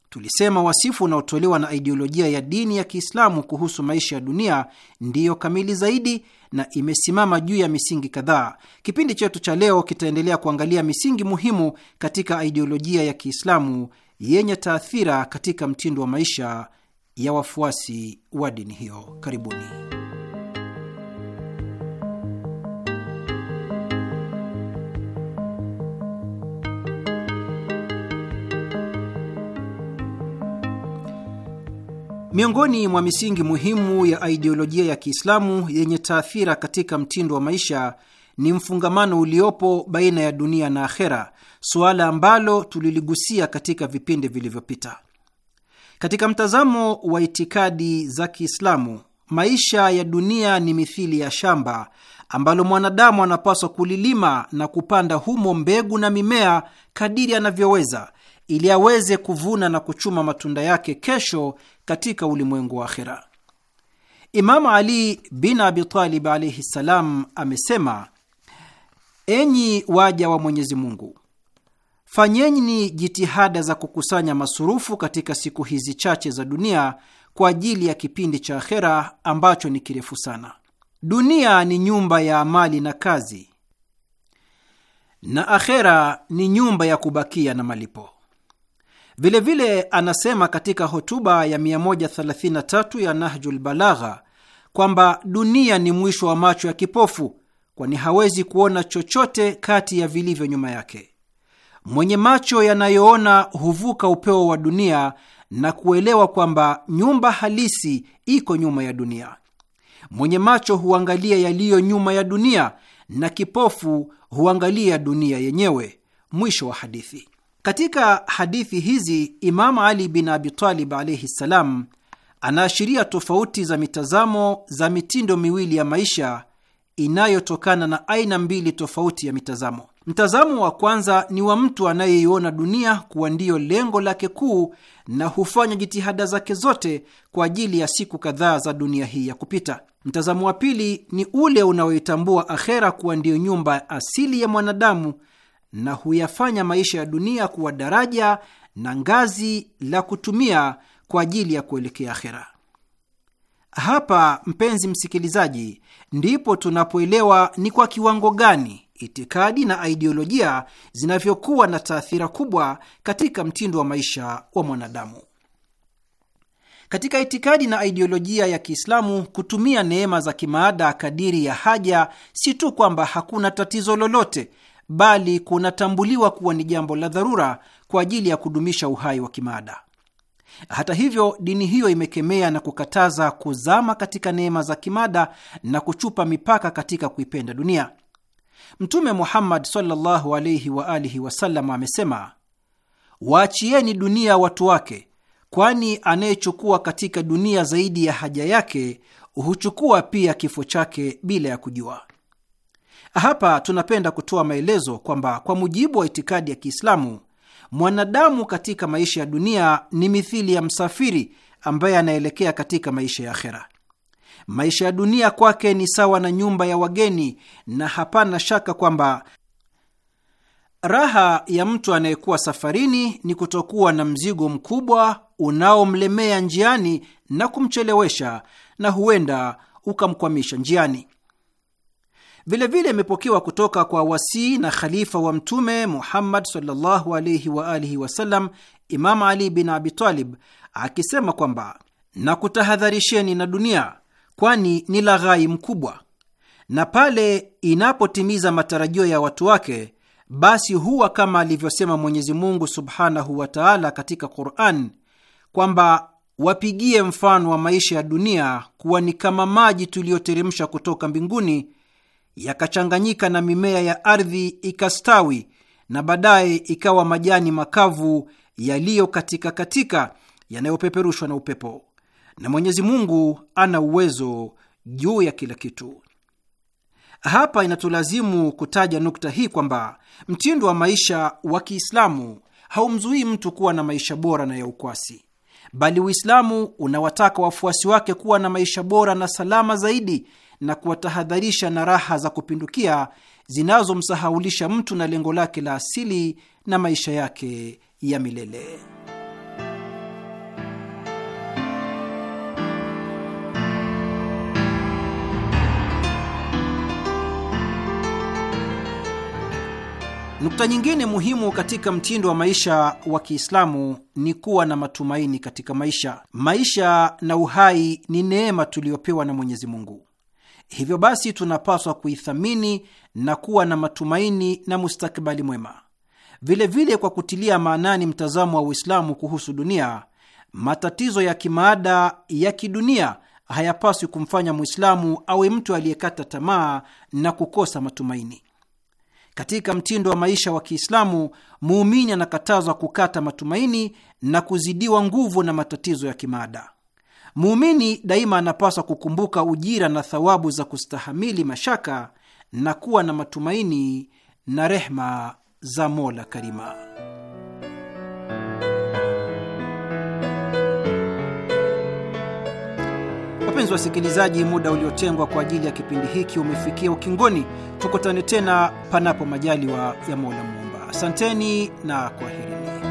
Tulisema wasifu unaotolewa na idiolojia ya dini ya Kiislamu kuhusu maisha ya dunia ndiyo kamili zaidi na imesimama juu ya misingi kadhaa. Kipindi chetu cha leo kitaendelea kuangalia misingi muhimu katika idiolojia ya Kiislamu yenye taathira katika mtindo wa maisha ya wafuasi wa dini hiyo. Karibuni. Miongoni mwa misingi muhimu ya aidiolojia ya Kiislamu yenye taathira katika mtindo wa maisha ni mfungamano uliopo baina ya dunia na akhera, suala ambalo tuliligusia katika vipindi vilivyopita. Katika mtazamo wa itikadi za Kiislamu, maisha ya dunia ni mithili ya shamba ambalo mwanadamu anapaswa kulilima na kupanda humo mbegu na mimea kadiri anavyoweza ili aweze kuvuna na kuchuma matunda yake kesho katika ulimwengu wa akhira. Imamu Ali bin Abitalib alaihi ssalam amesema, enyi waja wa Mwenyezi Mungu, fanyeni jitihada za kukusanya masurufu katika siku hizi chache za dunia kwa ajili ya kipindi cha akhera ambacho ni kirefu sana. Dunia ni nyumba ya amali na kazi, na akhera ni nyumba ya kubakia na malipo. Vilevile vile anasema katika hotuba ya 133 ya Nahjul Balagha kwamba dunia ni mwisho wa macho ya kipofu, kwani hawezi kuona chochote kati ya vilivyo nyuma yake. Mwenye macho yanayoona huvuka upeo wa dunia na kuelewa kwamba nyumba halisi iko nyuma ya dunia. Mwenye macho huangalia yaliyo nyuma ya dunia na kipofu huangalia dunia yenyewe. Mwisho wa hadithi. Katika hadithi hizi Imam Ali bin Abitalib alaihi ssalam anaashiria tofauti za mitazamo za mitindo miwili ya maisha inayotokana na aina mbili tofauti ya mitazamo. Mtazamo wa kwanza ni wa mtu anayeiona dunia kuwa ndiyo lengo lake kuu na hufanya jitihada zake zote kwa ajili ya siku kadhaa za dunia hii ya kupita. Mtazamo wa pili ni ule unaoitambua akhera kuwa ndiyo nyumba asili ya mwanadamu na huyafanya maisha ya dunia kuwa daraja na ngazi la kutumia kwa ajili ya kuelekea akhera. Hapa mpenzi msikilizaji, ndipo tunapoelewa ni kwa kiwango gani itikadi na aidiolojia zinavyokuwa na taathira kubwa katika mtindo wa maisha wa mwanadamu. Katika itikadi na aidiolojia ya Kiislamu, kutumia neema za kimaada kadiri ya haja si tu kwamba hakuna tatizo lolote, bali kunatambuliwa kuwa ni jambo la dharura kwa ajili ya kudumisha uhai wa kimaada. Hata hivyo, dini hiyo imekemea na kukataza kuzama katika neema za kimaada na kuchupa mipaka katika kuipenda dunia. Mtume Muhammad sallallahu wa alihi wasallam amesema, waachieni dunia watu wake, kwani anayechukua katika dunia zaidi ya haja yake huchukua pia kifo chake bila ya kujua. Hapa tunapenda kutoa maelezo kwamba kwa mujibu wa itikadi ya Kiislamu, mwanadamu katika maisha ya dunia ni mithili ya msafiri ambaye anaelekea katika maisha ya akhera. Maisha ya dunia kwake ni sawa na nyumba ya wageni, na hapana shaka kwamba raha ya mtu anayekuwa safarini ni kutokuwa na mzigo mkubwa unaomlemea njiani na kumchelewesha, na huenda ukamkwamisha njiani. Vilevile imepokewa kutoka kwa wasii na khalifa wa Mtume Muhammad sallallahu alaihi wa alihi wasallam, Imam Ali bin Abitalib akisema kwamba na kutahadharisheni na dunia, kwani ni laghai mkubwa, na pale inapotimiza matarajio ya watu wake basi huwa kama alivyosema Mwenyezi Mungu subhanahu wa taala katika Quran kwamba wapigie mfano wa maisha ya dunia kuwa ni kama maji tuliyoteremsha kutoka mbinguni yakachanganyika na mimea ya ardhi ikastawi, na baadaye ikawa majani makavu katika katika yanayopeperushwa na upepo. Na Mwenyezi Mungu ana uwezo juu ya kila kitu. Hapa inatulazimu kutaja nukta hii kwamba mtindo wa maisha wa Kiislamu haumzuii mtu kuwa na maisha bora na ya ukwasi, bali Uislamu unawataka wafuasi wake kuwa na maisha bora na salama zaidi na kuwatahadharisha na raha za kupindukia zinazomsahaulisha mtu na lengo lake la asili na maisha yake ya milele. Nukta nyingine muhimu katika mtindo wa maisha wa Kiislamu ni kuwa na matumaini katika maisha. Maisha na uhai ni neema tuliyopewa na Mwenyezi Mungu. Hivyo basi tunapaswa kuithamini na kuwa na matumaini na mustakabali mwema. Vilevile vile, kwa kutilia maanani mtazamo wa Uislamu kuhusu dunia, matatizo ya kimaada ya kidunia hayapaswi kumfanya Mwislamu awe mtu aliyekata tamaa na kukosa matumaini. Katika mtindo wa maisha wa Kiislamu, muumini anakatazwa kukata matumaini na kuzidiwa nguvu na matatizo ya kimaada. Muumini daima anapaswa kukumbuka ujira na thawabu za kustahamili mashaka na kuwa na matumaini na rehma za Mola Karima. Wapenzi wasikilizaji, muda uliotengwa kwa ajili ya kipindi hiki umefikia ukingoni. Tukutane tena panapo majaliwa ya Mola Muumba. Asanteni na kwaherini.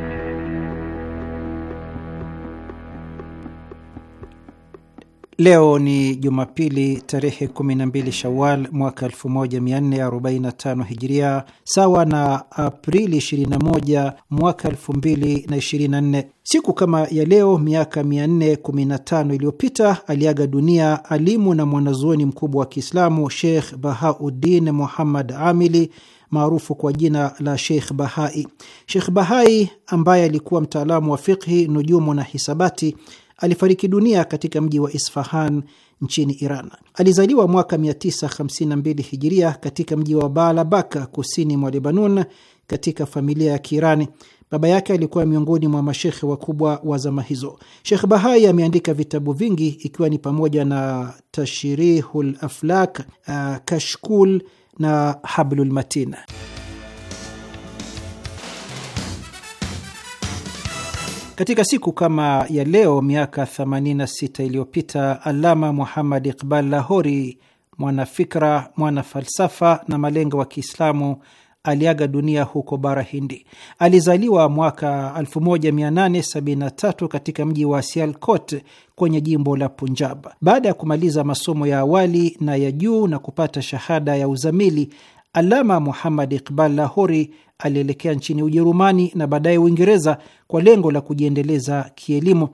Leo ni Jumapili, tarehe 12 Shawal mwaka 1445 Hijiria, sawa na Aprili 21 mwaka 2024. Siku kama ya leo miaka 415 iliyopita aliaga dunia alimu na mwanazuoni mkubwa wa Kiislamu Sheikh Bahauddin Muhammad Amili maarufu kwa jina la Sheikh Bahai. Sheikh Bahai ambaye alikuwa mtaalamu wa fikhi nujumu na hisabati alifariki dunia katika mji wa Isfahan nchini Iran. Alizaliwa mwaka 952 hijiria katika mji wa Baalabaka kusini mwa Lebanon katika familia ya Kiirani. Baba yake alikuwa miongoni mwa mashekhe wakubwa wa zama hizo. Shekh Bahai ameandika vitabu vingi ikiwa ni pamoja na Tashrihul Aflak, uh, Kashkul na Hablul Matina. Katika siku kama ya leo miaka 86 iliyopita Alama Muhammad Iqbal Lahori, mwanafikra, mwanafalsafa na malengo wa Kiislamu aliaga dunia huko bara Hindi. Alizaliwa mwaka 1873 katika mji wa Sialkot kwenye jimbo la Punjab. Baada ya kumaliza masomo ya awali na ya juu na kupata shahada ya uzamili, Alama Muhammad Iqbal Lahori alielekea nchini Ujerumani na baadaye Uingereza kwa lengo la kujiendeleza kielimu.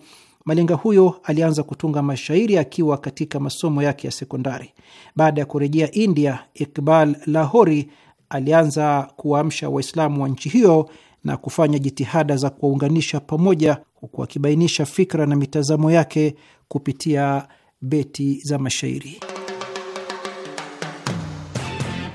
Malenga huyo alianza kutunga mashairi akiwa katika masomo yake ya sekondari. Baada ya kurejea India, Iqbal Lahori alianza kuwaamsha Waislamu wa nchi hiyo na kufanya jitihada za kuwaunganisha pamoja, huku akibainisha fikra na mitazamo yake kupitia beti za mashairi.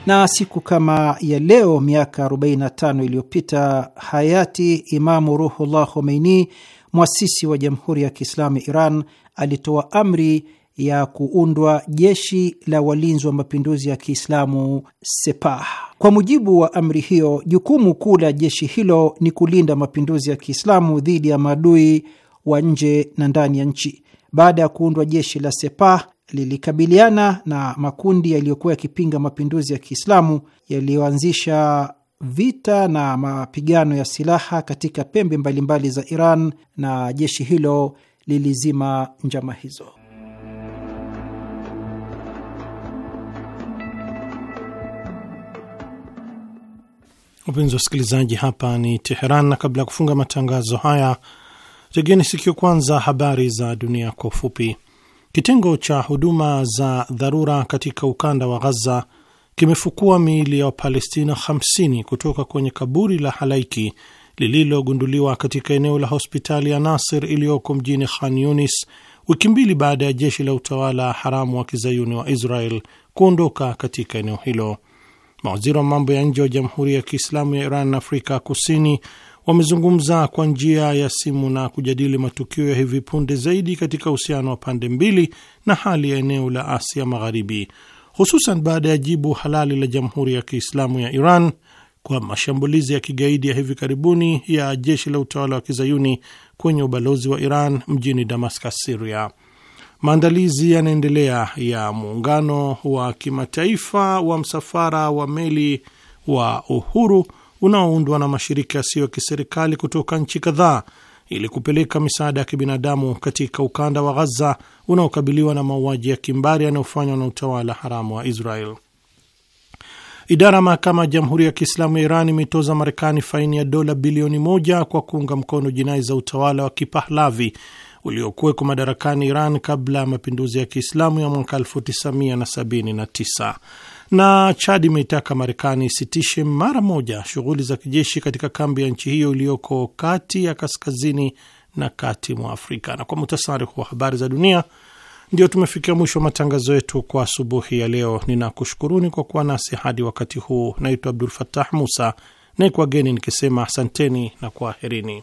Na siku kama ya leo miaka 45 iliyopita hayati Imamu Ruhullah Khomeini, mwasisi wa Jamhuri ya Kiislamu ya Iran, alitoa amri ya kuundwa jeshi la walinzi wa mapinduzi ya Kiislamu Sepah. Kwa mujibu wa amri hiyo, jukumu kuu la jeshi hilo ni kulinda mapinduzi ya Kiislamu dhidi ya maadui wa nje na ndani ya nchi. Baada ya kuundwa jeshi la Sepah, lilikabiliana na makundi yaliyokuwa yakipinga mapinduzi ya Kiislamu yaliyoanzisha vita na mapigano ya silaha katika pembe mbalimbali za Iran na jeshi hilo lilizima njama hizo. Wapenzi wasikilizaji, hapa ni Teheran, na kabla ya kufunga matangazo haya, tegeni sikio kwanza habari za dunia kwa ufupi. Kitengo cha huduma za dharura katika ukanda wa Ghaza kimefukua miili ya Wapalestina 50 kutoka kwenye kaburi la halaiki lililogunduliwa katika eneo la hospitali ya Nasir iliyoko mjini Khan Yunis wiki mbili baada ya jeshi la utawala haramu wa kizayuni wa Israel kuondoka katika eneo hilo. Mawaziri wa mambo ya nje wa Jamhuri ya Kiislamu ya Iran na Afrika Kusini wamezungumza kwa njia ya simu na kujadili matukio ya hivi punde zaidi katika uhusiano wa pande mbili na hali ya eneo la Asia Magharibi, hususan baada ya jibu halali la Jamhuri ya Kiislamu ya Iran kwa mashambulizi ya kigaidi ya hivi karibuni ya jeshi la utawala wa kizayuni kwenye ubalozi wa Iran mjini Damascus, Syria. Maandalizi yanaendelea ya muungano wa kimataifa wa msafara wa meli wa uhuru unaoundwa na mashirika yasiyo ya kiserikali kutoka nchi kadhaa ili kupeleka misaada ya kibinadamu katika ukanda wa Ghaza unaokabiliwa na mauaji ya kimbari yanayofanywa na utawala haramu wa Israel. Idara ya mahakama ya Jamhuri ya Kiislamu ya Iran imetoza Marekani faini ya dola bilioni moja kwa kuunga mkono jinai za utawala wa Kipahlavi uliokuweko madarakani Iran kabla ya mapinduzi ya Kiislamu ya mwaka 1979. Na Chad imeitaka Marekani isitishe mara moja shughuli za kijeshi katika kambi ya nchi hiyo iliyoko kati ya kaskazini na kati mwa Afrika. Na kwa muhtasari wa habari za dunia, ndio tumefikia mwisho wa matangazo yetu kwa asubuhi ya leo. Ninakushukuruni kwa kuwa nasi hadi wakati huu. Naitwa Abdul fatah Musa, geni nikisema asanteni na kwaherini.